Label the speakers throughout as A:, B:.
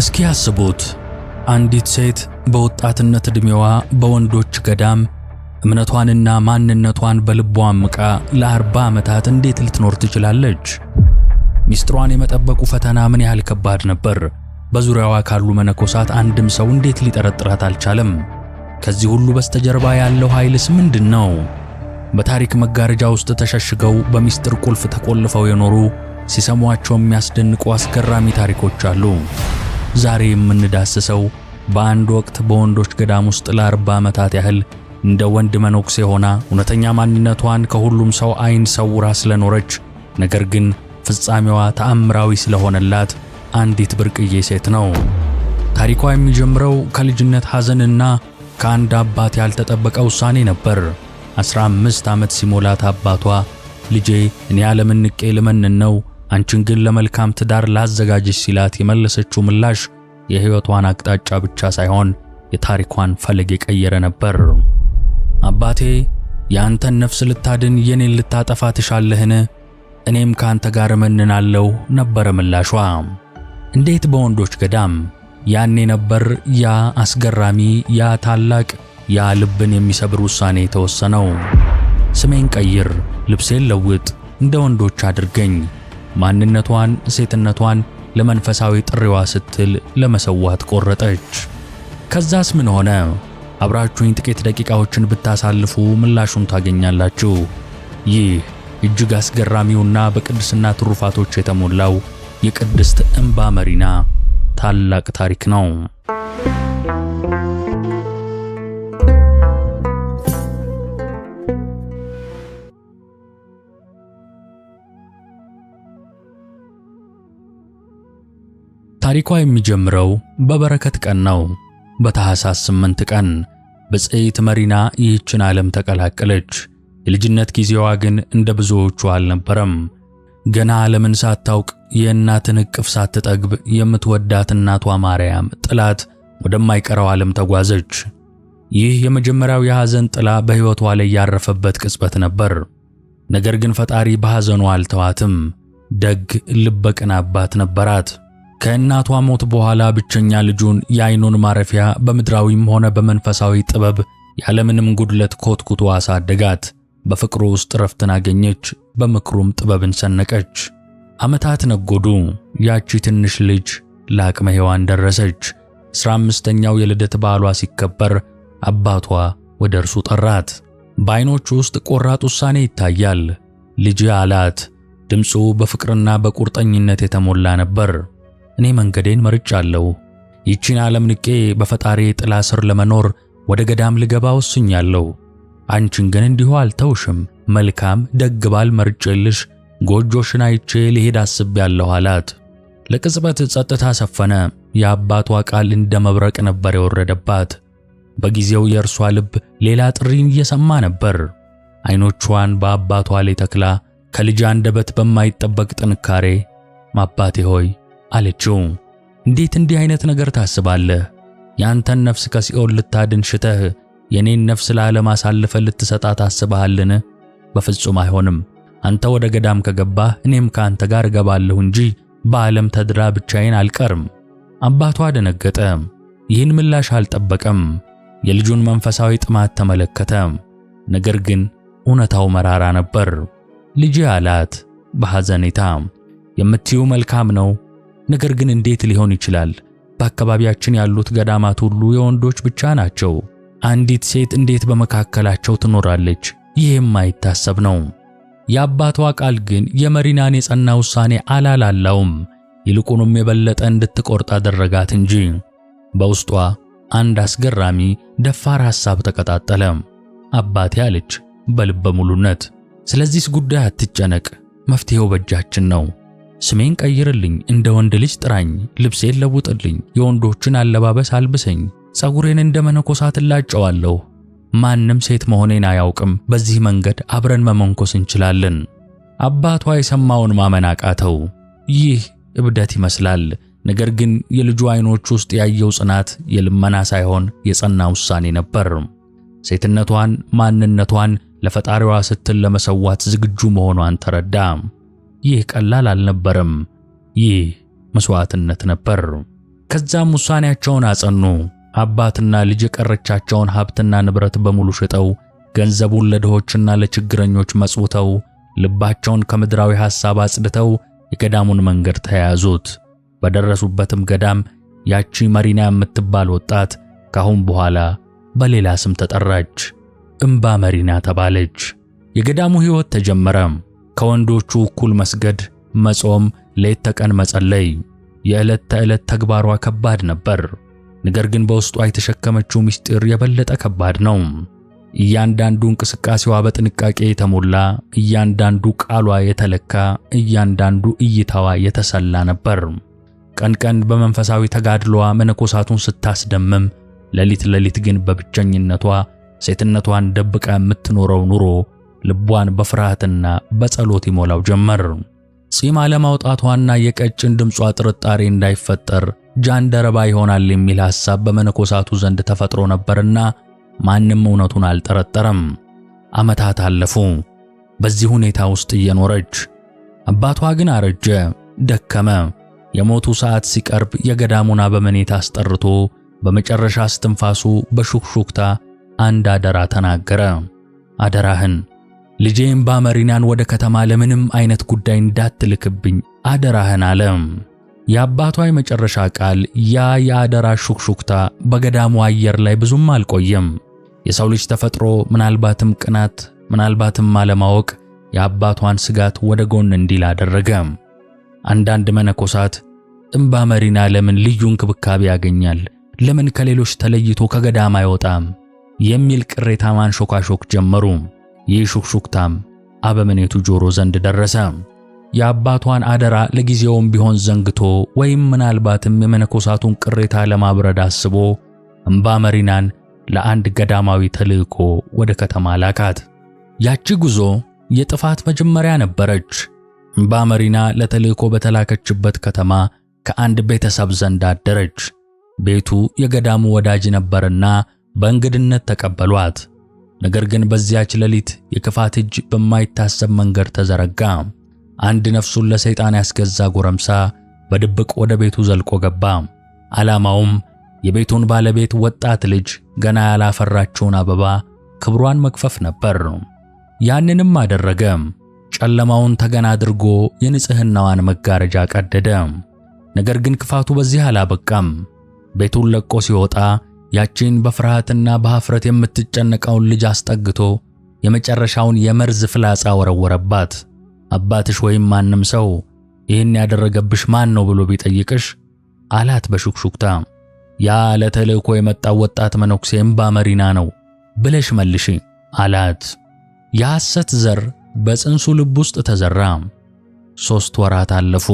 A: እስኪ ያስቡት አንዲት ሴት በወጣትነት ዕድሜዋ በወንዶች ገዳም እምነቷንና ማንነቷን በልቧ አምቃ ለአርባ ዓመታት እንዴት ልትኖር ትችላለች? ሚስጥሯን የመጠበቁ ፈተና ምን ያህል ከባድ ነበር? በዙሪያዋ ካሉ መነኮሳት አንድም ሰው እንዴት ሊጠረጥራት አልቻለም? ከዚህ ሁሉ በስተጀርባ ያለው ኃይልስ ምንድን ነው? በታሪክ መጋረጃ ውስጥ ተሸሽገው በሚስጥር ቁልፍ ተቆልፈው የኖሩ ሲሰሟቸው የሚያስደንቁ አስገራሚ ታሪኮች አሉ። ዛሬ የምንዳስሰው በአንድ ወቅት በወንዶች ገዳም ውስጥ ለአርባ ዓመታት ያህል እንደ ወንድ መነኩሴ ሆና እውነተኛ ማንነቷን ከሁሉም ሰው ዓይን ሰውራ ስለኖረች ነገር ግን ፍጻሜዋ ተአምራዊ ስለሆነላት አንዲት ብርቅዬ ሴት ነው። ታሪኳ የሚጀምረው ከልጅነት ሐዘንና ከአንድ አባት ያልተጠበቀ ውሳኔ ነበር። 15 ዓመት ሲሞላት አባቷ ልጄ እኔ ዓለምን ንቄ ልመንን ነው አንቺን ግን ለመልካም ትዳር ላዘጋጅሽ ሲላት የመለሰችው ምላሽ የህይወቷን አቅጣጫ ብቻ ሳይሆን የታሪኳን ፈለግ የቀየረ ነበር። አባቴ የአንተን ነፍስ ልታድን የኔን ልታጠፋ ትሻለህን? እኔም ከአንተ ጋር እመንናለሁ ነበረ ምላሿ። እንዴት በወንዶች ገዳም! ያኔ ነበር ያ አስገራሚ፣ ያ ታላቅ፣ ያ ልብን የሚሰብር ውሳኔ የተወሰነው። ስሜን ቀይር፣ ልብሴን ለውጥ፣ እንደ ወንዶች አድርገኝ ማንነቷን፣ ሴትነቷን ለመንፈሳዊ ጥሪዋ ስትል ለመሰዋት ቆረጠች። ከዛስ ምን ሆነ? አብራችሁኝ ጥቂት ደቂቃዎችን ብታሳልፉ ምላሹን ታገኛላችሁ። ይህ እጅግ አስገራሚውና በቅድስና ትሩፋቶች የተሞላው የቅድስት እምባ መሪና ታላቅ ታሪክ ነው። ታሪኳ የሚጀምረው በበረከት ቀን ነው። በታኅሳስ 8 ቀን ብፅዕት መሪና ይህችን ዓለም ተቀላቀለች። የልጅነት ጊዜዋ ግን እንደ ብዙዎቹ አልነበረም። ገና ዓለምን ሳታውቅ የእናትን ዕቅፍ ሳትጠግብ የምትወዳት እናቷ ማርያም ጥላት ወደማይቀረው ዓለም ተጓዘች። ይህ የመጀመሪያው የሐዘን ጥላ በሕይወቷ ላይ ያረፈበት ቅጽበት ነበር። ነገር ግን ፈጣሪ በሐዘኗ አልተዋትም። ደግ ልበቅን አባት ነበራት። ከእናቷ ሞት በኋላ ብቸኛ ልጁን የአይኑን ማረፊያ በምድራዊም ሆነ በመንፈሳዊ ጥበብ ያለምንም ጉድለት ኮትኩቶ አሳደጋት። በፍቅሩ ውስጥ ረፍትን አገኘች፣ በምክሩም ጥበብን ሰነቀች። ዓመታት ነጎዱ። ያቺ ትንሽ ልጅ ለአቅመ ሔዋን ደረሰች። አስራ አምስተኛው የልደት በዓሏ ሲከበር አባቷ ወደ እርሱ ጠራት። በዓይኖቹ ውስጥ ቆራጥ ውሳኔ ይታያል። ልጅ አላት። ድምፁ በፍቅርና በቁርጠኝነት የተሞላ ነበር። እኔ መንገዴን መርጫለሁ። ይቺን ዓለም ንቄ በፈጣሪ ጥላ ስር ለመኖር ወደ ገዳም ልገባ ወስኛለሁ። አንቺን ግን እንዲሁ አልተውሽም፣ መልካም ደግ ባል መርጬልሽ ጎጆሽን አይቼ ልሄድ አስቤያለሁ አላት። ለቅጽበት ጸጥታ ሰፈነ። የአባቷ ቃል እንደ መብረቅ ነበር የወረደባት። በጊዜው የእርሷ ልብ ሌላ ጥሪን እየሰማ ነበር። ዓይኖቿን በአባቷ ላይ ተክላ ከልጅ አንደበት በማይጠበቅ ጥንካሬ አባቴ ሆይ አለችው። እንዴት እንዲህ አይነት ነገር ታስባለህ? የአንተን ነፍስ ከሲኦል ልታድን ሽተህ የኔን ነፍስ ለዓለም አሳልፈ ልትሰጣ ታስበሃልን? በፍጹም አይሆንም። አንተ ወደ ገዳም ከገባህ እኔም ከአንተ ጋር እገባለሁ እንጂ በዓለም ተድራ ብቻዬን አልቀርም። አባቷ ደነገጠ። ይህን ምላሽ አልጠበቀም። የልጁን መንፈሳዊ ጥማት ተመለከተ። ነገር ግን እውነታው መራራ ነበር። ልጄ አላት በሐዘኔታ፣ የምትዩ መልካም ነው ነገር ግን እንዴት ሊሆን ይችላል? በአካባቢያችን ያሉት ገዳማት ሁሉ የወንዶች ብቻ ናቸው። አንዲት ሴት እንዴት በመካከላቸው ትኖራለች? ይህ የማይታሰብ ነው። የአባቷ ቃል ግን የመሪናን የጸና ውሳኔ አላላላውም። ይልቁንም የበለጠ እንድትቆርጥ አደረጋት እንጂ። በውስጧ አንድ አስገራሚ ደፋር ሐሳብ ተቀጣጠለ። አባቴ አለች በልበ ሙሉነት፣ ስለዚህ ጉዳይ አትጨነቅ፣ መፍትሄው በእጃችን ነው። ስሜን ቀይርልኝ፣ እንደ ወንድ ልጅ ጥራኝ፣ ልብሴን ለውጥልኝ፣ የወንዶችን አለባበስ አልብሰኝ፣ ጸጉሬን እንደ መነኮሳት እላጨዋለሁ። ማንም ሴት መሆኔን አያውቅም። በዚህ መንገድ አብረን መመንኮስ እንችላለን። አባቷ የሰማውን ማመን አቃተው። ይህ እብደት ይመስላል። ነገር ግን የልጁ አይኖች ውስጥ ያየው ጽናት የልመና ሳይሆን የጸና ውሳኔ ነበር። ሴትነቷን፣ ማንነቷን ለፈጣሪዋ ስትል ለመሰዋት ዝግጁ መሆኗን ተረዳ። ይህ ቀላል አልነበረም። ይህ መስዋዕትነት ነበር። ከዛም ውሳኔያቸውን አጸኑ። አባትና ልጅ የቀረቻቸውን ሀብትና ንብረት በሙሉ ሽጠው ገንዘቡን ለድሆችና ለችግረኞች መጽውተው ልባቸውን ከምድራዊ ሐሳብ አጽድተው የገዳሙን መንገድ ተያያዙት። በደረሱበትም ገዳም ያቺ መሪና የምትባል ወጣት ካሁን በኋላ በሌላ ስም ተጠራች። እምባ መሪና ተባለች። የገዳሙ ሕይወት ተጀመረም። ከወንዶቹ እኩል መስገድ፣ መጾም፣ ሌት ተቀን መጸለይ የዕለት ተዕለት ተግባሯ ከባድ ነበር። ነገር ግን በውስጧ የተሸከመችው ምስጢር የበለጠ ከባድ ነው። እያንዳንዱ እንቅስቃሴዋ በጥንቃቄ የተሞላ፣ እያንዳንዱ ቃሏ የተለካ፣ እያንዳንዱ እይታዋ የተሰላ ነበር። ቀን ቀን በመንፈሳዊ ተጋድሏ መነኮሳቱን ስታስደምም፣ ሌሊት ሌሊት ግን በብቸኝነቷ ሴትነቷን ደብቃ የምትኖረው ኑሮ ልቧን በፍርሃትና በጸሎት ይሞላው ጀመር። ጺም አለማውጣቷና የቀጭን ድምጿ ጥርጣሬ እንዳይፈጠር ጃንደረባ ይሆናል የሚል ሐሳብ በመነኮሳቱ ዘንድ ተፈጥሮ ነበርና ማንም እውነቱን አልጠረጠረም። ዓመታት አለፉ። በዚህ ሁኔታ ውስጥ እየኖረች አባቷ ግን አረጀ፣ ደከመ። የሞቱ ሰዓት ሲቀርብ የገዳሙን አበምኔት አስጠርቶ በመጨረሻ እስትንፋሱ በሹክሹክታ አንድ አደራ ተናገረ። አደራህን ልጄ ባመሪናን መሪናን ወደ ከተማ ለምንም አይነት ጉዳይ እንዳትልክብኝ አደራህን አለም። የአባቷ የመጨረሻ ቃል፣ ያ የአደራ ሹክሹክታ በገዳሙ አየር ላይ ብዙም አልቆየም። የሰው ልጅ ተፈጥሮ ምናልባትም ቅናት፣ ምናልባትም አለማወቅ የአባቷን ስጋት ወደ ጎን እንዲል አደረገ። አንዳንድ መነኮሳት እምባ መሪና ለምን ልዩ እንክብካቤ ያገኛል? ለምን ከሌሎች ተለይቶ ከገዳም አይወጣም? የሚል ቅሬታ ማንሾካሾክ ጀመሩ። ይህ ሹክሹክታም አበምኔቱ ጆሮ ዘንድ ደረሰ። የአባቷን አደራ ለጊዜውም ቢሆን ዘንግቶ ወይም ምናልባትም የመነኮሳቱን ቅሬታ ለማብረድ አስቦ እምባ መሪናን ለአንድ ገዳማዊ ተልእኮ ወደ ከተማ ላካት። ያቺ ጉዞ የጥፋት መጀመሪያ ነበረች። እምባ መሪና ለተልእኮ በተላከችበት ከተማ ከአንድ ቤተሰብ ዘንድ አደረች። ቤቱ የገዳሙ ወዳጅ ነበርና በእንግድነት ተቀበሏት። ነገር ግን በዚያች ሌሊት የክፋት እጅ በማይታሰብ መንገድ ተዘረጋ። አንድ ነፍሱን ለሰይጣን ያስገዛ ጎረምሳ በድብቅ ወደ ቤቱ ዘልቆ ገባ። ዓላማውም የቤቱን ባለቤት ወጣት ልጅ ገና ያላፈራችውን አበባ ክብሯን መክፈፍ ነበር። ያንንም አደረገ። ጨለማውን ተገና አድርጎ የንጽህናዋን መጋረጃ ቀደደ። ነገር ግን ክፋቱ በዚህ አላበቃም። ቤቱን ለቆ ሲወጣ ያቺን በፍርሃትና በኀፍረት የምትጨነቀውን ልጅ አስጠግቶ የመጨረሻውን የመርዝ ፍላጻ ወረወረባት። አባትሽ ወይም ማንም ሰው ይህን ያደረገብሽ ማን ነው ብሎ ቢጠይቅሽ አላት በሹክሹክታ ያ ለተልእኮ የመጣው ወጣት መነኩሴ እምባ መሪና ነው ብለሽ መልሽ አላት። የሐሰት ዘር በጽንሱ ልብ ውስጥ ተዘራ። ሦስት ወራት አለፉ።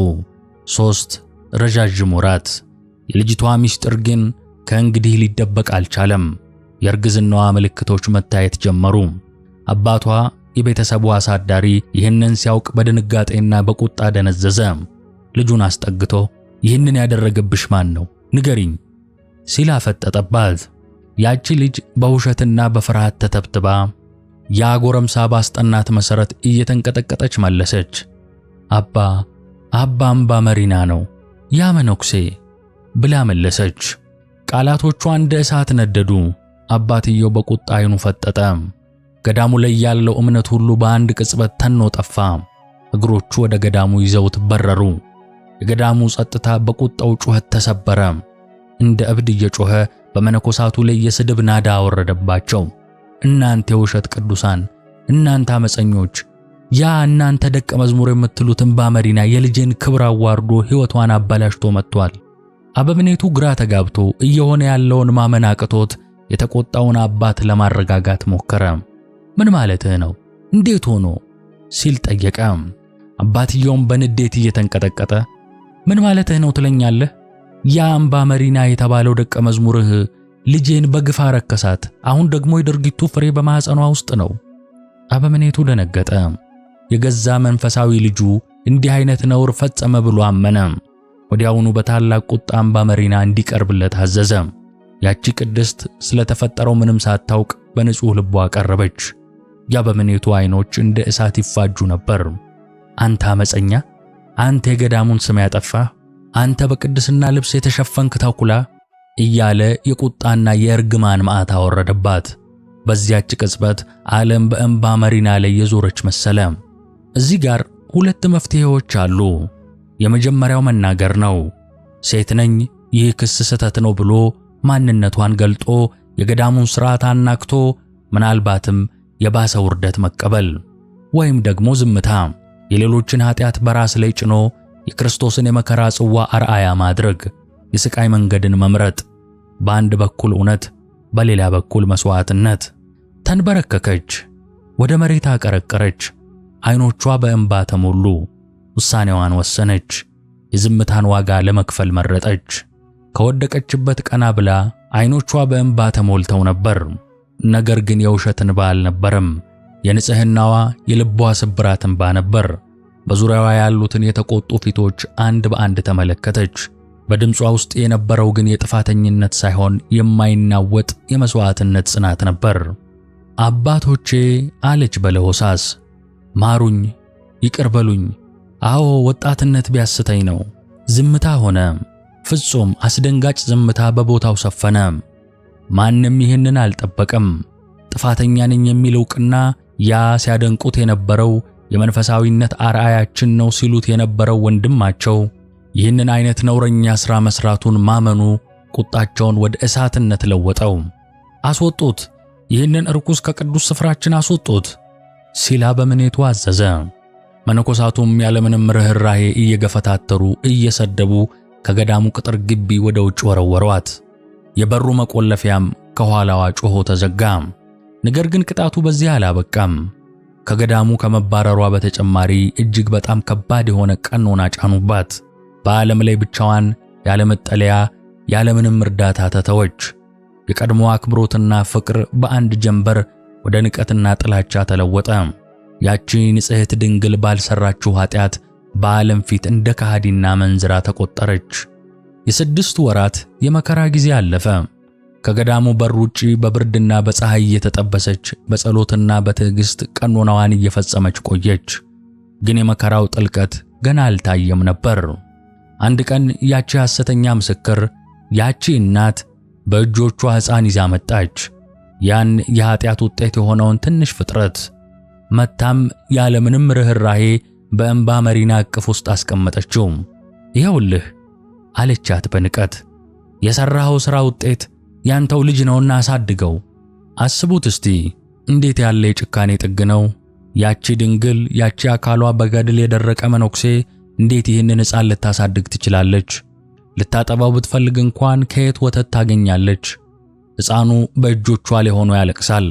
A: ሦስት ረዣዥም ወራት። የልጅቷ ምስጢር ግን ከእንግዲህ ሊደበቅ አልቻለም። የእርግዝናዋ ምልክቶች መታየት ጀመሩ። አባቷ የቤተሰቡ አሳዳሪ ይህንን ሲያውቅ በድንጋጤና በቁጣ ደነዘዘ። ልጁን አስጠግቶ ይህንን ያደረገብሽ ማን ነው? ንገሪኝ ሲል አፈጠጠባት። ያቺ ልጅ በውሸትና በፍርሃት ተተብትባ ያ ጎረምሳ ባስጠናት መሠረት እየተንቀጠቀጠች መለሰች። አባ አባ አምባ መሪና ነው ያ መነኩሴ ብላ መለሰች። ቃላቶቿ እንደ እሳት ነደዱ። አባትየው በቁጣ ዓይኑ ፈጠጠ። ገዳሙ ላይ ያለው እምነት ሁሉ በአንድ ቅጽበት ተኖ ጠፋ። እግሮቹ ወደ ገዳሙ ይዘውት በረሩ። የገዳሙ ጸጥታ በቁጣው ጩኸት ተሰበረ። እንደ እብድ እየጮኸ በመነኮሳቱ ላይ የስድብ ናዳ አወረደባቸው። እናንተ የውሸት ቅዱሳን፣ እናንተ አመፀኞች፣ ያ እናንተ ደቀ መዝሙር የምትሉትን ባመሪና የልጄን ክብር አዋርዶ ሕይወቷን አበላሽቶ መጥቷል። አበምኔቱ ግራ ተጋብቶ እየሆነ ያለውን ማመን አቅቶት የተቆጣውን አባት ለማረጋጋት ሞከረ። ምን ማለትህ ነው? እንዴት ሆኖ? ሲል ጠየቀ። አባትየውም በንዴት እየተንቀጠቀጠ ምን ማለትህ ነው ትለኛለህ? ያ አምባ መሪና የተባለው ደቀ መዝሙርህ ልጄን በግፍ አረከሳት። አሁን ደግሞ የድርጊቱ ፍሬ በማኅፀኗ ውስጥ ነው። አበምኔቱ ደነገጠ። የገዛ መንፈሳዊ ልጁ እንዲህ አይነት ነውር ፈጸመ ብሎ አመነ። ወዲያውኑ በታላቅ ቁጣ አምባ መሪና እንዲቀርብለት አዘዘ። ያቺ ቅድስት ስለተፈጠረው ምንም ሳታውቅ በንጹሕ ልቧ ቀረበች። የአበምኔቱ ዓይኖች እንደ እሳት ይፋጁ ነበር። አንተ አመፀኛ፣ አንተ የገዳሙን ስም ያጠፋ፣ አንተ በቅድስና ልብስ የተሸፈንክ ተኩላ እያለ የቁጣና የእርግማን መዓት አወረደባት። በዚያች ቅጽበት ዓለም በእምባ መሪና ላይ የዞረች መሰለ። እዚህ ጋር ሁለት መፍትሄዎች አሉ። የመጀመሪያው መናገር ነው። ሴት ነኝ፣ ይህ ክስ ስህተት ነው ብሎ ማንነቷን ገልጦ የገዳሙን ሥርዓት አናክቶ ምናልባትም የባሰ ውርደት መቀበል ወይም ደግሞ ዝምታ የሌሎችን ኃጢአት በራስ ላይ ጭኖ የክርስቶስን የመከራ ጽዋ አርአያ ማድረግ፣ የሥቃይ መንገድን መምረጥ፣ በአንድ በኩል እውነት፣ በሌላ በኩል መሥዋዕትነት። ተንበረከከች፣ ወደ መሬት አቀረቀረች፣ ዐይኖቿ በእንባ ተሞሉ። ውሳኔዋን ወሰነች። የዝምታን ዋጋ ለመክፈል መረጠች። ከወደቀችበት ቀና ብላ አይኖቿ በእንባ ተሞልተው ነበር። ነገር ግን የውሸት እንባ አልነበረም። የንጽህናዋ የልቧ ስብራት እንባ ነበር። በዙሪያዋ ያሉትን የተቆጡ ፊቶች አንድ በአንድ ተመለከተች። በድምጿ ውስጥ የነበረው ግን የጥፋተኝነት ሳይሆን የማይናወጥ የመሥዋዕትነት ጽናት ነበር። አባቶቼ አለች በለሆሳስ፣ ማሩኝ፣ ይቅር በሉኝ አዎ ወጣትነት ቢያስተኝ ነው። ዝምታ ሆነ። ፍጹም አስደንጋጭ ዝምታ በቦታው ሰፈነ። ማንም ይህንን አልጠበቀም። ጥፋተኛ ነኝ የሚል እውቅና ያ ሲያደንቁት የነበረው የመንፈሳዊነት አርአያችን ነው ሲሉት የነበረው ወንድማቸው ይህንን አይነት ነውረኛ ሥራ መሥራቱን ማመኑ ቁጣቸውን ወደ እሳትነት ለወጠው። አስወጡት፣ ይህንን እርኩስ ከቅዱስ ስፍራችን አስወጡት ሲላ በምኔቱ አዘዘ። መነኮሳቱም ያለምንም ርኅራኄ እየገፈታተሩ እየሰደቡ ከገዳሙ ቅጥር ግቢ ወደ ውጭ ወረወሯት። የበሩ መቆለፊያም ከኋላዋ ጮሆ ተዘጋ። ነገር ግን ቅጣቱ በዚህ አላበቃም። ከገዳሙ ከመባረሯ በተጨማሪ እጅግ በጣም ከባድ የሆነ ቀኖና ጫኑባት። በዓለም ላይ ብቻዋን ያለ መጠለያ ያለምንም እርዳታ ተተወች። የቀድሞ አክብሮትና ፍቅር በአንድ ጀንበር ወደ ንቀትና ጥላቻ ተለወጠ። ያቺ ንጽሕት ድንግል ባልሰራችው ኃጢአት በዓለም ፊት እንደ ከሃዲና መንዝራ ተቆጠረች። የስድስት ወራት የመከራ ጊዜ አለፈ። ከገዳሙ በር ውጪ በብርድና በፀሐይ እየተጠበሰች በጸሎትና በትዕግሥት ቀኖናዋን እየፈጸመች ቆየች። ግን የመከራው ጥልቀት ገና አልታየም ነበር። አንድ ቀን ያቺ ሐሰተኛ ምስክር፣ ያቺ እናት በእጆቿ ሕፃን ይዛ መጣች። ያን የኃጢአት ውጤት የሆነውን ትንሽ ፍጥረት መታም ያለምንም ርኅራሄ በእንባ መሪና እቅፍ ውስጥ አስቀመጠችው። ይኸውልህ አለቻት በንቀት የሠራኸው ሥራ ውጤት ያንተው ልጅ ነውና አሳድገው። አስቡት እስቲ እንዴት ያለ የጭካኔ ጥግ ነው! ያቺ ድንግል፣ ያቺ አካሏ በገድል የደረቀ መነኩሴ እንዴት ይህንን ሕፃን ልታሳድግ ትችላለች? ልታጠባው ብትፈልግ እንኳን ከየት ወተት ታገኛለች? ሕፃኑ በእጆቿ ላይ ሆኖ ያለቅሳል።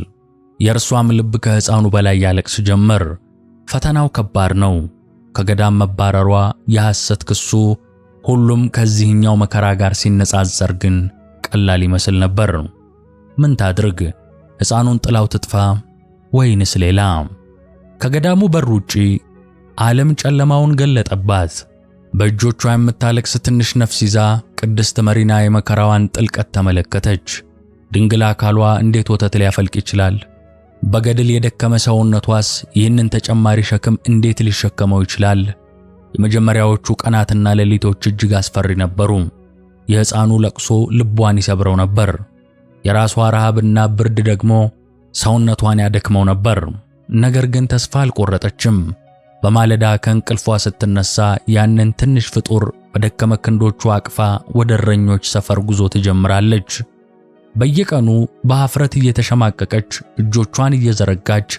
A: የእርሷም ልብ ከሕፃኑ በላይ ያለቅስ ጀመር። ፈተናው ከባድ ነው። ከገዳም መባረሯ፣ የሐሰት ክሱ፣ ሁሉም ከዚህኛው መከራ ጋር ሲነጻጸር ግን ቀላል ይመስል ነበር። ምን ታድርግ? ሕፃኑን ጥላው ትጥፋ ወይንስ ሌላ? ከገዳሙ በር ውጪ ዓለም ጨለማውን ገለጠባት። በእጆቿ የምታለቅስ ትንሽ ነፍስ ይዛ ቅድስት መሪና የመከራዋን ጥልቀት ተመለከተች። ድንግል አካሏ እንዴት ወተት ሊያፈልቅ ይችላል? በገድል የደከመ ሰውነቷስ ይህንን ተጨማሪ ሸክም እንዴት ሊሸከመው ይችላል? የመጀመሪያዎቹ ቀናትና ሌሊቶች እጅግ አስፈሪ ነበሩ። የሕፃኑ ለቅሶ ልቧን ይሰብረው ነበር። የራሷ ረሃብና ብርድ ደግሞ ሰውነቷን ያደክመው ነበር። ነገር ግን ተስፋ አልቆረጠችም። በማለዳ ከእንቅልፏ ስትነሳ ያንን ትንሽ ፍጡር በደከመ ክንዶቿ አቅፋ ወደ እረኞች ሰፈር ጉዞ ትጀምራለች። በየቀኑ በአፍረት እየተሸማቀቀች እጆቿን እየዘረጋች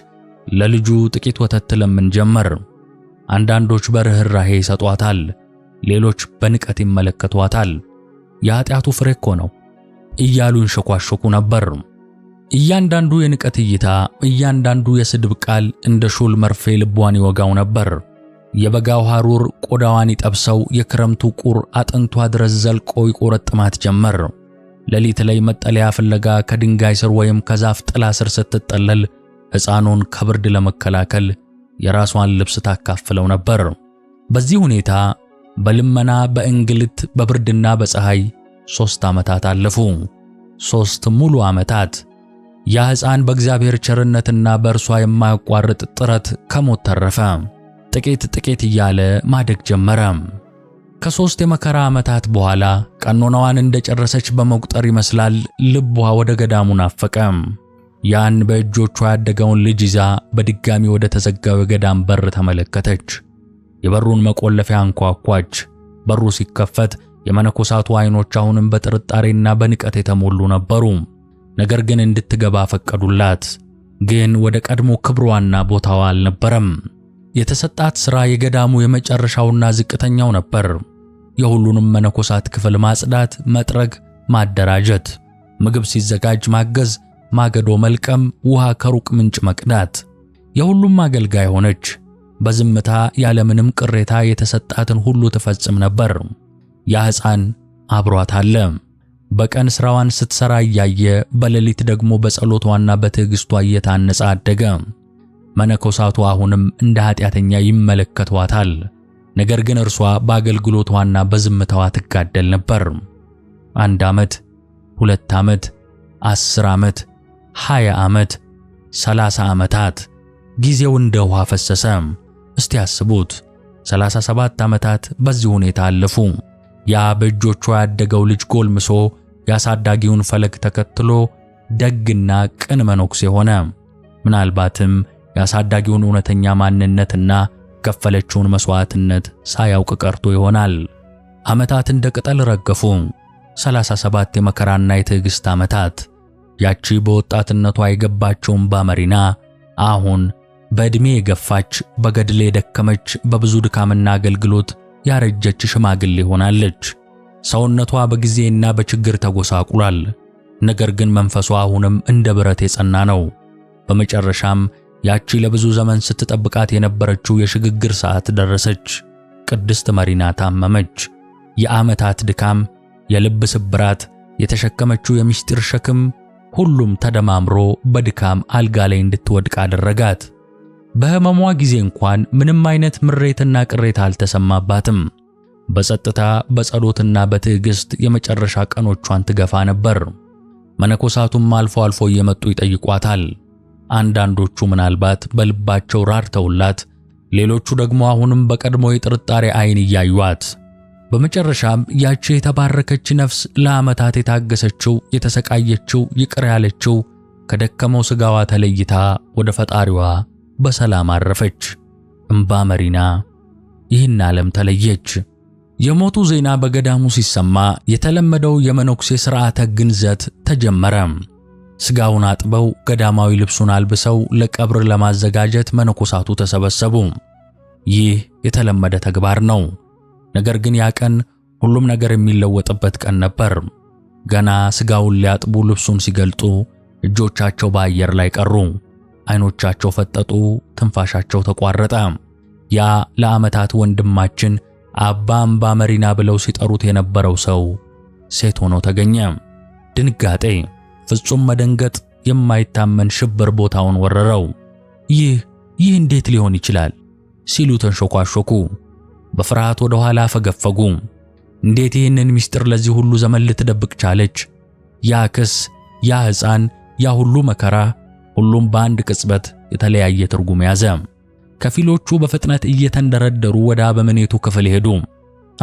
A: ለልጁ ጥቂት ወተት ትለምን ጀመር። አንዳንዶች በርህራሄ ይሰጧታል፣ ሌሎች በንቀት ይመለከቷታል። የኃጢአቱ ፍሬ እኮ ነው እያሉ ይንሸኳሸኩ ነበር። እያንዳንዱ የንቀት እይታ፣ እያንዳንዱ የስድብ ቃል እንደ ሹል መርፌ ልቧን ይወጋው ነበር። የበጋው ሐሩር ቆዳዋን ይጠብሰው፣ የክረምቱ ቁር አጥንቷ ድረስ ዘልቆ ይቆረጥማት ጀመር። ሌሊት ላይ መጠለያ ፍለጋ ከድንጋይ ስር ወይም ከዛፍ ጥላ ስር ስትጠለል ሕፃኑን ከብርድ ለመከላከል የራሷን ልብስ ታካፍለው ነበር። በዚህ ሁኔታ በልመና በእንግልት በብርድና በፀሐይ ሦስት ዓመታት አለፉ። ሦስት ሙሉ ዓመታት። ያ ሕፃን በእግዚአብሔር ቸርነትና በእርሷ የማያቋርጥ ጥረት ከሞት ተረፈ። ጥቂት ጥቂት እያለ ማደግ ጀመረ። ከሦስት የመከራ ዓመታት በኋላ ቀኖናዋን እንደጨረሰች በመቁጠር ይመስላል ልቧ ወደ ገዳሙ ናፈቀ። ያን በእጆቿ ያደገውን ልጅ ይዛ በድጋሚ ወደ ተዘጋው የገዳም በር ተመለከተች። የበሩን መቆለፊያ አንኳኳች። በሩ ሲከፈት የመነኮሳቱ ዓይኖች አሁንም በጥርጣሬና በንቀት የተሞሉ ነበሩ። ነገር ግን እንድትገባ ፈቀዱላት። ግን ወደ ቀድሞ ክብሯና ቦታዋ አልነበረም። የተሰጣት ሥራ የገዳሙ የመጨረሻውና ዝቅተኛው ነበር። የሁሉንም መነኮሳት ክፍል ማጽዳት፣ መጥረግ፣ ማደራጀት፣ ምግብ ሲዘጋጅ ማገዝ፣ ማገዶ መልቀም፣ ውሃ ከሩቅ ምንጭ መቅዳት፣ የሁሉም አገልጋይ ሆነች። በዝምታ ያለምንም ቅሬታ የተሰጣትን ሁሉ ትፈጽም ነበር። ያ ሕፃን አብሯት አለ። በቀን ሥራዋን ስትሠራ እያየ፣ በሌሊት ደግሞ በጸሎቷና በትዕግሥቷ እየታነጸ አደገ። መነኮሳቱ አሁንም እንደ ኃጢአተኛ ይመለከቷታል። ነገር ግን እርሷ በአገልግሎቷና በዝምታዋ ትጋደል ነበር። አንድ ዓመት፣ ሁለት ዓመት፣ አስር ዓመት፣ ሃያ ዓመት፣ ሰላሳ ዓመታት ጊዜው እንደ ውሃ ፈሰሰ። እስቲ ያስቡት፣ 37 ዓመታት በዚህ ሁኔታ አለፉ። ያ በእጆቿ ያደገው ልጅ ጎልምሶ የአሳዳጊውን ፈለግ ተከትሎ ደግና ቅን መነኩሴ ሆነ። ምናልባትም የአሳዳጊውን እውነተኛ ማንነትና ከፈለችውን መስዋዕትነት ሳያውቅ ቀርቶ ይሆናል። ዓመታት እንደ ቅጠል ረገፉ። 37 የመከራና የትዕግሥት ዓመታት። ያቺ በወጣትነቷ የገባችውን ባመሪና አሁን በዕድሜ የገፋች በገድል የደከመች በብዙ ድካምና አገልግሎት ያረጀች ሽማግሌ ሆናለች። ሰውነቷ በጊዜና በችግር ተጎሳቁሏል። ነገር ግን መንፈሷ አሁንም እንደ ብረት የጸና ነው። በመጨረሻም ያቺ ለብዙ ዘመን ስትጠብቃት የነበረችው የሽግግር ሰዓት ደረሰች። ቅድስት መሪና ታመመች። የዓመታት ድካም፣ የልብ ስብራት፣ የተሸከመችው የምስጢር ሸክም፣ ሁሉም ተደማምሮ በድካም አልጋ ላይ እንድትወድቅ አደረጋት። በሕመሟ ጊዜ እንኳን ምንም አይነት ምሬትና ቅሬታ አልተሰማባትም። በጸጥታ በጸሎትና በትዕግስት የመጨረሻ ቀኖቿን ትገፋ ነበር። መነኮሳቱም አልፎ አልፎ እየመጡ ይጠይቋታል። አንዳንዶቹ ምናልባት በልባቸው ራርተውላት፣ ሌሎቹ ደግሞ አሁንም በቀድሞ የጥርጣሬ ዓይን እያዩአት በመጨረሻም ያቺ የተባረከች ነፍስ ለዓመታት የታገሰችው፣ የተሰቃየችው፣ ይቅር ያለችው ከደከመው ሥጋዋ ተለይታ ወደ ፈጣሪዋ በሰላም አረፈች። እምባ መሪና ይህን ዓለም ተለየች። የሞቱ ዜና በገዳሙ ሲሰማ የተለመደው የመነኩሴ ሥርዓተ ግንዘት ተጀመረ። ስጋውን አጥበው ገዳማዊ ልብሱን አልብሰው ለቀብር ለማዘጋጀት መነኮሳቱ ተሰበሰቡ። ይህ የተለመደ ተግባር ነው። ነገር ግን ያ ቀን ሁሉም ነገር የሚለወጥበት ቀን ነበር። ገና ስጋውን ሊያጥቡ ልብሱን ሲገልጡ እጆቻቸው በአየር ላይ ቀሩ፣ አይኖቻቸው ፈጠጡ፣ ትንፋሻቸው ተቋረጠ። ያ ለዓመታት ወንድማችን አባ አምባ መሪና ብለው ሲጠሩት የነበረው ሰው ሴት ሆኖ ተገኘ። ድንጋጤ ፍጹም መደንገጥ የማይታመን ሽብር ቦታውን ወረረው። ይህ ይህ እንዴት ሊሆን ይችላል ሲሉ ተንሾኳሾኩ። በፍርሃት ወደ ኋላ ፈገፈጉ። እንዴት ይህንን ምስጢር ለዚህ ሁሉ ዘመን ልትደብቅ ቻለች? ያ ክስ፣ ያ ሕፃን፣ ያ ሁሉ መከራ፣ ሁሉም በአንድ ቅጽበት የተለያየ ትርጉም ያዘ። ከፊሎቹ በፍጥነት እየተንደረደሩ ወደ አበምኔቱ ክፍል ሄዱ።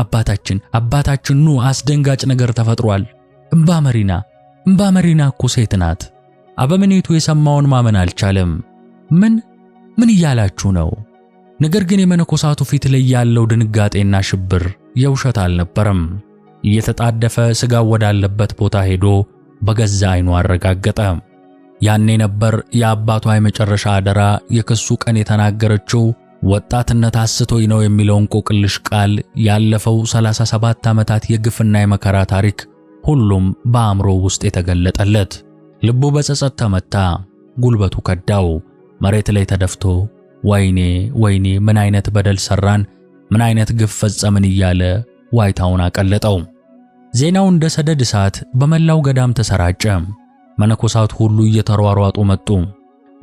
A: አባታችን፣ አባታችን ኑ፣ አስደንጋጭ ነገር ተፈጥሯል። እምባ መሪና እምባ መሪና እኮ ሴት ናት። አበምኔቱ የሰማውን ማመን አልቻለም። ምን ምን እያላችሁ ነው? ነገር ግን የመነኮሳቱ ፊት ላይ ያለው ድንጋጤና ሽብር የውሸት አልነበረም። እየተጣደፈ ስጋ ወዳለበት ቦታ ሄዶ በገዛ አይኑ አረጋገጠ። ያኔ ነበር የአባቷ የመጨረሻ አደራ የክሱ ቀን የተናገረችው ወጣትነት አስቶኝ ነው የሚለውን ቆቅልሽ ቃል ያለፈው 37 ዓመታት የግፍና የመከራ ታሪክ ሁሉም በአእምሮ ውስጥ የተገለጠለት። ልቡ በጸጸት ተመታ፣ ጉልበቱ ከዳው። መሬት ላይ ተደፍቶ ወይኔ ወይኔ ምን አይነት በደል ሰራን፣ ምን አይነት ግፍ ፈጸምን እያለ ዋይታውን አቀለጠው። ዜናው እንደ ሰደድ እሳት በመላው ገዳም ተሰራጨ። መነኮሳት ሁሉ እየተሯሯጡ መጡ።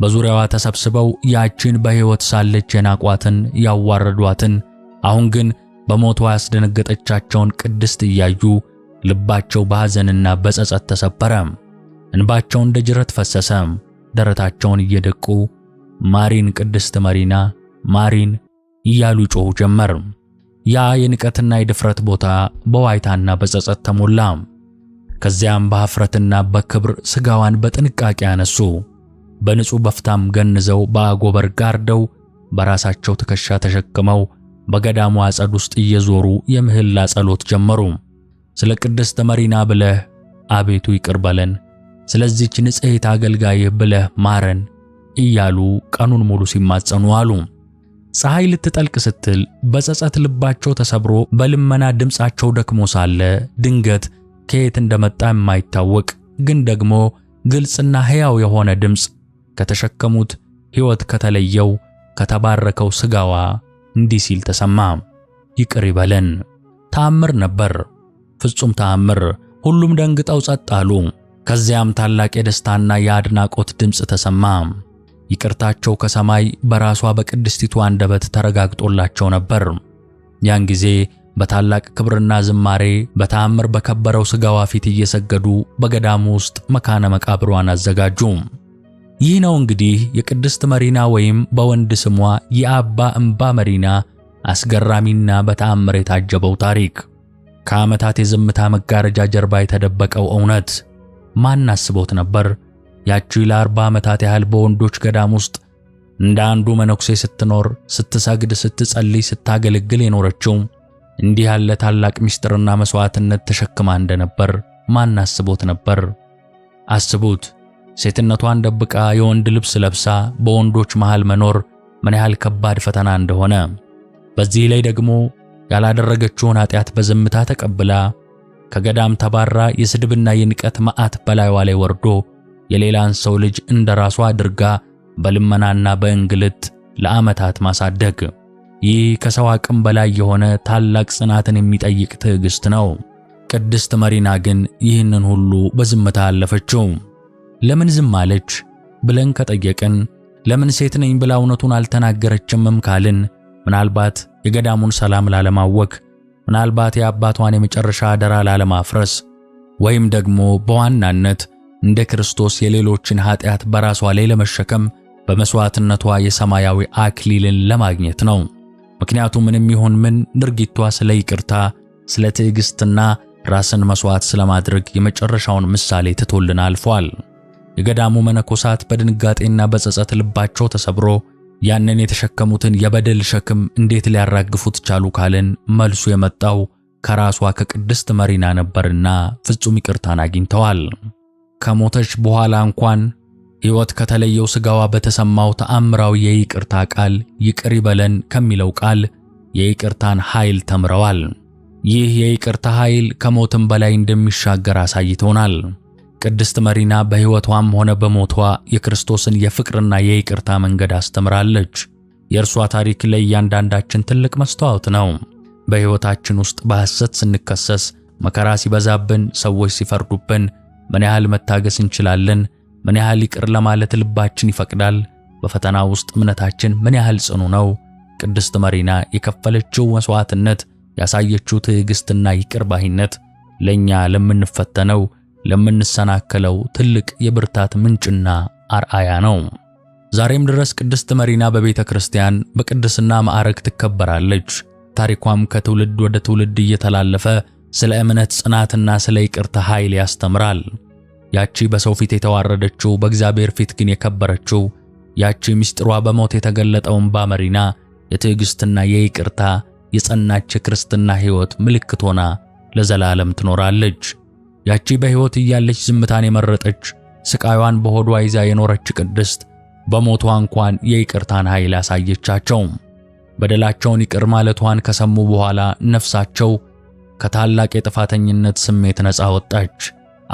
A: በዙሪያዋ ተሰብስበው ያችን በሕይወት ሳለች የናቋትን ያዋረዷትን፣ አሁን ግን በሞቷ ያስደነገጠቻቸውን ቅድስት እያዩ ልባቸው በሐዘንና በጸጸት ተሰበረ። እንባቸው እንደ ጅረት ፈሰሰ። ደረታቸውን እየደቁ ማሪን፣ ቅድስት መሪና፣ ማሪን እያሉ ጮሁ ጀመር። ያ የንቀትና የድፍረት ቦታ በዋይታና በጸጸት ተሞላ። ከዚያም በኀፍረትና በክብር ሥጋዋን በጥንቃቄ አነሱ። በንጹሕ በፍታም ገንዘው በአጎበር ጋርደው በራሳቸው ትከሻ ተሸክመው በገዳሙ አጸድ ውስጥ እየዞሩ የምህላ ጸሎት ጀመሩ። ስለ ቅድስት መሪና ብለህ አቤቱ ይቅር በለን፣ ስለዚች ንጽሕት አገልጋይህ ብለህ ማረን እያሉ ቀኑን ሙሉ ሲማጸኑ አሉ። ፀሐይ ልትጠልቅ ስትል በጸጸት ልባቸው ተሰብሮ በልመና ድምፃቸው ደክሞ ሳለ ድንገት ከየት እንደመጣ የማይታወቅ ግን ደግሞ ግልጽና ሕያው የሆነ ድምፅ ከተሸከሙት ሕይወት ከተለየው ከተባረከው ሥጋዋ እንዲህ ሲል ተሰማ። ይቅር ይበለን። ተአምር ነበር። ፍጹም ተአምር! ሁሉም ደንግጠው ጸጥ አሉ። ከዚያም ታላቅ የደስታና የአድናቆት ድምፅ ተሰማ። ይቅርታቸው ከሰማይ በራሷ በቅድስቲቱ አንደበት ተረጋግጦላቸው ነበር። ያን ጊዜ በታላቅ ክብርና ዝማሬ በተአምር በከበረው ሥጋዋ ፊት እየሰገዱ በገዳሙ ውስጥ መካነ መቃብሯን አዘጋጁ። ይህ ነው እንግዲህ የቅድስት መሪና ወይም በወንድ ስሟ የአባ እምባ መሪና አስገራሚና በተአምር የታጀበው ታሪክ። ከዓመታት የዝምታ መጋረጃ ጀርባ የተደበቀው እውነት ማን አስቦት ነበር? ያቺ ለአርባ ዓመታት ያህል በወንዶች ገዳም ውስጥ እንደ አንዱ መነኩሴ ስትኖር፣ ስትሰግድ፣ ስትጸልይ፣ ስታገለግል የኖረችው እንዲህ ያለ ታላቅ ምስጢርና መስዋዕትነት ተሸክማ እንደነበር ማን አስቦት ነበር? አስቡት። ሴትነቷን ደብቃ የወንድ ልብስ ለብሳ በወንዶች መሃል መኖር ምን ያህል ከባድ ፈተና እንደሆነ በዚህ ላይ ደግሞ ያላደረገችውን ኃጢአት በዝምታ ተቀብላ ከገዳም ተባራ የስድብና የንቀት መዓት በላይዋ ላይ ወርዶ የሌላን ሰው ልጅ እንደ ራሷ አድርጋ በልመናና በእንግልት ለዓመታት ማሳደግ ይህ ከሰው አቅም በላይ የሆነ ታላቅ ጽናትን የሚጠይቅ ትዕግስት ነው። ቅድስት መሪና ግን ይህንን ሁሉ በዝምታ አለፈችው። ለምን ዝም አለች ብለን ከጠየቅን፣ ለምን ሴት ነኝ ብላ እውነቱን አልተናገረችምም ካልን ምናልባት የገዳሙን ሰላም ላለማወክ፣ ምናልባት የአባቷን የመጨረሻ አደራ ላለማፍረስ ወይም ደግሞ በዋናነት እንደ ክርስቶስ የሌሎችን ኃጢአት በራሷ ላይ ለመሸከም በመሥዋዕትነቷ የሰማያዊ አክሊልን ለማግኘት ነው። ምክንያቱም ምንም ይሁን ምን ድርጊቷ ስለ ይቅርታ፣ ስለ ትዕግሥትና ራስን መሥዋዕት ስለማድረግ የመጨረሻውን ምሳሌ ትቶልን አልፏል። የገዳሙ መነኮሳት በድንጋጤና በጸጸት ልባቸው ተሰብሮ ያንን የተሸከሙትን የበደል ሸክም እንዴት ሊያራግፉት ቻሉ ካልን መልሱ የመጣው ከራሷ ከቅድስት መሪና ነበርና ፍጹም ይቅርታን አግኝተዋል። ከሞተች በኋላ እንኳን ሕይወት ከተለየው ሥጋዋ በተሰማው ተአምራዊ የይቅርታ ቃል ይቅር ይበለን ከሚለው ቃል የይቅርታን ኃይል ተምረዋል። ይህ የይቅርታ ኃይል ከሞትም በላይ እንደሚሻገር አሳይቶናል። ቅድስት መሪና በሕይወቷም ሆነ በሞቷ የክርስቶስን የፍቅርና የይቅርታ መንገድ አስተምራለች። የእርሷ ታሪክ ለእያንዳንዳችን ትልቅ መስታወት ነው። በሕይወታችን ውስጥ በሐሰት ስንከሰስ፣ መከራ ሲበዛብን፣ ሰዎች ሲፈርዱብን፣ ምን ያህል መታገስ እንችላለን? ምን ያህል ይቅር ለማለት ልባችን ይፈቅዳል? በፈተና ውስጥ እምነታችን ምን ያህል ጽኑ ነው? ቅድስት መሪና የከፈለችው መሥዋዕትነት፣ ያሳየችው ትዕግሥትና ይቅር ባይነት ለእኛ ለምንፈተነው ለምንሰናከለው ትልቅ የብርታት ምንጭና አርአያ ነው። ዛሬም ድረስ ቅድስት መሪና በቤተ ክርስቲያን በቅድስና ማዕረግ ትከበራለች። ታሪኳም ከትውልድ ወደ ትውልድ እየተላለፈ ስለ እምነት ጽናትና ስለ ይቅርታ ኃይል ያስተምራል። ያቺ በሰው ፊት የተዋረደችው በእግዚአብሔር ፊት ግን የከበረችው ያቺ ምስጢሯ በሞት የተገለጠው ባመሪና መሪና የትዕግሥትና የይቅርታ የጸናች የክርስትና ሕይወት ምልክት ሆና ለዘላለም ትኖራለች። ያቺ በሕይወት እያለች ዝምታን የመረጠች ስቃይዋን በሆዷ ይዛ የኖረች ቅድስት በሞቷ እንኳን የይቅርታን ኃይል አሳየቻቸው። በደላቸውን ይቅር ማለቷን ከሰሙ በኋላ ነፍሳቸው ከታላቅ የጥፋተኝነት ስሜት ነፃ ወጣች።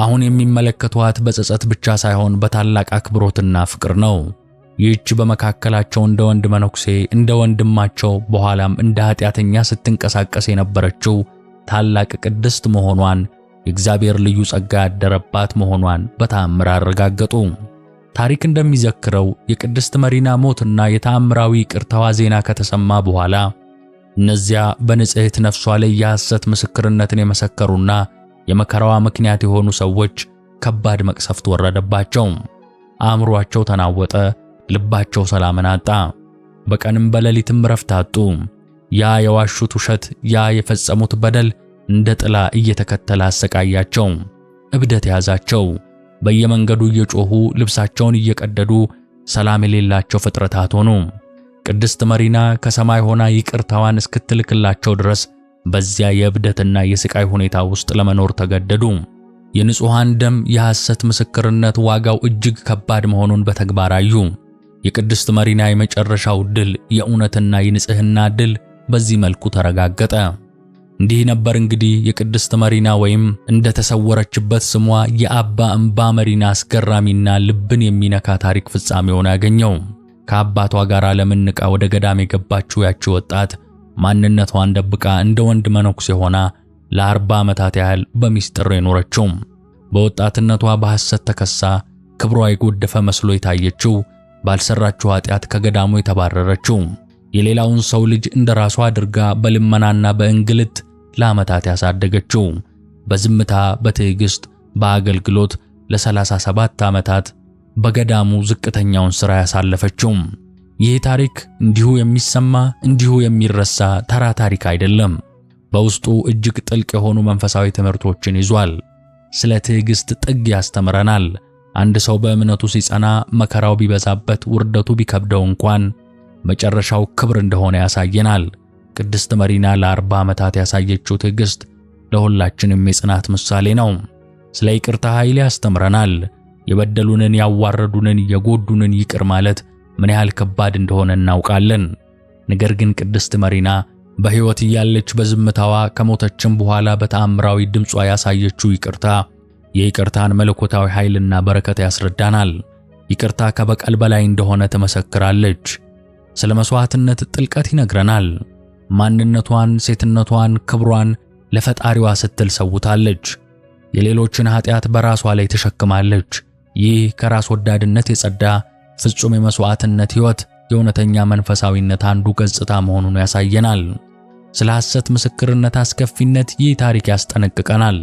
A: አሁን የሚመለከቷት በጸጸት ብቻ ሳይሆን በታላቅ አክብሮትና ፍቅር ነው። ይህች በመካከላቸው እንደ ወንድ መነኩሴ፣ እንደ ወንድማቸው በኋላም እንደ ኃጢአተኛ ስትንቀሳቀስ የነበረችው ታላቅ ቅድስት መሆኗን የእግዚአብሔር ልዩ ጸጋ ያደረባት መሆኗን በተአምር አረጋገጡ። ታሪክ እንደሚዘክረው የቅድስት መሪና ሞትና የተአምራዊ ቅርታዋ ዜና ከተሰማ በኋላ እነዚያ በንጽሕት ነፍሷ ላይ የሐሰት ምስክርነትን የመሰከሩና የመከራዋ ምክንያት የሆኑ ሰዎች ከባድ መቅሰፍት ወረደባቸው። አእምሯቸው ተናወጠ፣ ልባቸው ሰላምን አጣ። በቀንም በሌሊትም ረፍት አጡ። ያ የዋሹት ውሸት፣ ያ የፈጸሙት በደል እንደ ጥላ እየተከተለ አሰቃያቸው። እብደት ያዛቸው። በየመንገዱ እየጮሁ ልብሳቸውን እየቀደዱ ሰላም የሌላቸው ፍጥረታት ሆኑ። ቅድስት መሪና ከሰማይ ሆና ይቅርታዋን እስክትልክላቸው ድረስ በዚያ የእብደትና የስቃይ ሁኔታ ውስጥ ለመኖር ተገደዱ። የንጹሐን ደም የሐሰት ምስክርነት ዋጋው እጅግ ከባድ መሆኑን በተግባር አዩ። የቅድስት መሪና የመጨረሻው ድል፣ የእውነትና የንጽህና ድል በዚህ መልኩ ተረጋገጠ። እንዲህ ነበር እንግዲህ የቅድስት መሪና ወይም እንደተሰወረችበት ስሟ የአባ እምባ መሪና አስገራሚና ልብን የሚነካ ታሪክ ፍጻሜ ሆኖ ያገኘው። ከአባቷ ጋር ለምን ወደ ገዳም የገባችው ያቺ ወጣት ማንነቷን ደብቃ እንደ ወንድ መነኩሴ ሆና ለአርባ ዓመታት ያህል በሚስጥር የኖረችው በወጣትነቷ በሐሰት ተከሳ ክብሯ የጎደፈ መስሎ የታየችው ባልሰራችው ኃጢአት ከገዳሙ የተባረረችው የሌላውን ሰው ልጅ እንደ ራሷ አድርጋ በልመናና በእንግልት ለዓመታት ያሳደገችው በዝምታ በትዕግስት በአገልግሎት ለ37 ዓመታት በገዳሙ ዝቅተኛውን ሥራ ያሳለፈችው። ይህ ታሪክ እንዲሁ የሚሰማ እንዲሁ የሚረሳ ተራ ታሪክ አይደለም። በውስጡ እጅግ ጥልቅ የሆኑ መንፈሳዊ ትምህርቶችን ይዟል። ስለ ትዕግስት ጥግ ያስተምረናል። አንድ ሰው በእምነቱ ሲጸና መከራው ቢበዛበት፣ ውርደቱ ቢከብደው እንኳን መጨረሻው ክብር እንደሆነ ያሳየናል። ቅድስት መሪና ለአርባ ዓመታት ያሳየችው ትዕግሥት ለሁላችንም የጽናት ምሳሌ ነው። ስለ ይቅርታ ኃይል ያስተምረናል። የበደሉንን፣ ያዋረዱንን፣ የጎዱንን ይቅር ማለት ምን ያህል ከባድ እንደሆነ እናውቃለን። ነገር ግን ቅድስት መሪና በሕይወት እያለች በዝምታዋ ከሞተችም በኋላ በተአምራዊ ድምጿ ያሳየችው ይቅርታ የይቅርታን መለኮታዊ ኃይልና በረከት ያስረዳናል። ይቅርታ ከበቀል በላይ እንደሆነ ትመሰክራለች። ስለ መሥዋዕትነት ጥልቀት ይነግረናል። ማንነቷን፣ ሴትነቷን፣ ክብሯን ለፈጣሪዋ ስትል ሰውታለች። የሌሎችን ኃጢአት በራሷ ላይ ተሸክማለች። ይህ ከራስ ወዳድነት የጸዳ ፍጹም የመሥዋዕትነት ሕይወት የእውነተኛ መንፈሳዊነት አንዱ ገጽታ መሆኑን ያሳየናል። ስለ ሐሰት ምስክርነት አስከፊነት ይህ ታሪክ ያስጠነቅቀናል።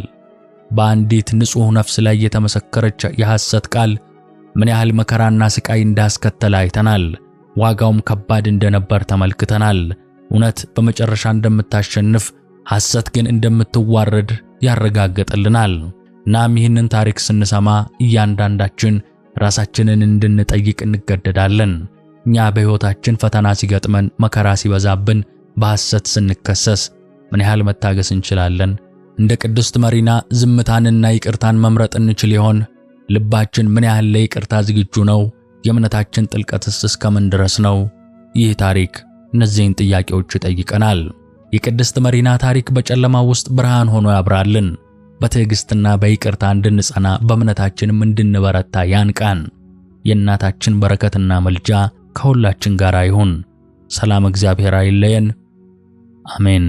A: በአንዲት ንጹሕ ነፍስ ላይ የተመሰከረች የሐሰት ቃል ምን ያህል መከራና ስቃይ እንዳስከተለ አይተናል። ዋጋውም ከባድ እንደነበር ተመልክተናል። እውነት በመጨረሻ እንደምታሸንፍ፣ ሐሰት ግን እንደምትዋረድ ያረጋግጥልናል። እናም ይህንን ታሪክ ስንሰማ እያንዳንዳችን ራሳችንን እንድንጠይቅ እንገደዳለን። እኛ በሕይወታችን ፈተና ሲገጥመን፣ መከራ ሲበዛብን፣ በሐሰት ስንከሰስ ምን ያህል መታገስ እንችላለን? እንደ ቅድስት መሪና ዝምታንና ይቅርታን መምረጥ እንችል ይሆን? ልባችን ምን ያህል ለይቅርታ ዝግጁ ነው? የእምነታችን ጥልቀትስ እስከምን ድረስ ነው? ይህ ታሪክ እነዚህን ጥያቄዎች ይጠይቀናል። የቅድስት መሪና ታሪክ በጨለማ ውስጥ ብርሃን ሆኖ ያብራልን። በትዕግስትና በይቅርታ እንድንጸና በእምነታችንም እንድንበረታ ያንቃን። የእናታችን በረከትና መልጃ ከሁላችን ጋር ይሁን። ሰላም እግዚአብሔር አይለየን። አሜን።